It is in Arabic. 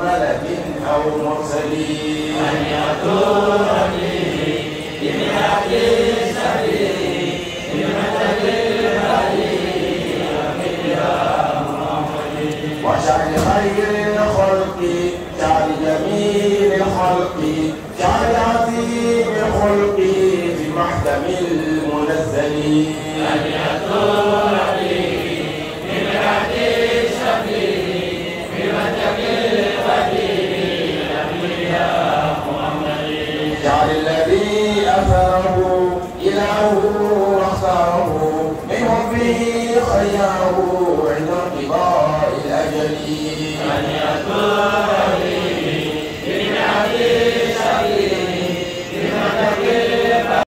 ملك أو مرسلين أن يكون لي بمحك سبيل بمدد الهدي وشعر خير الخلق شعر جميل الخلق شعر عظيم الخلق في محكم المنزلين أن يكون جعل الذي أثره إله خيره عند انقضاء الأجل أن يكون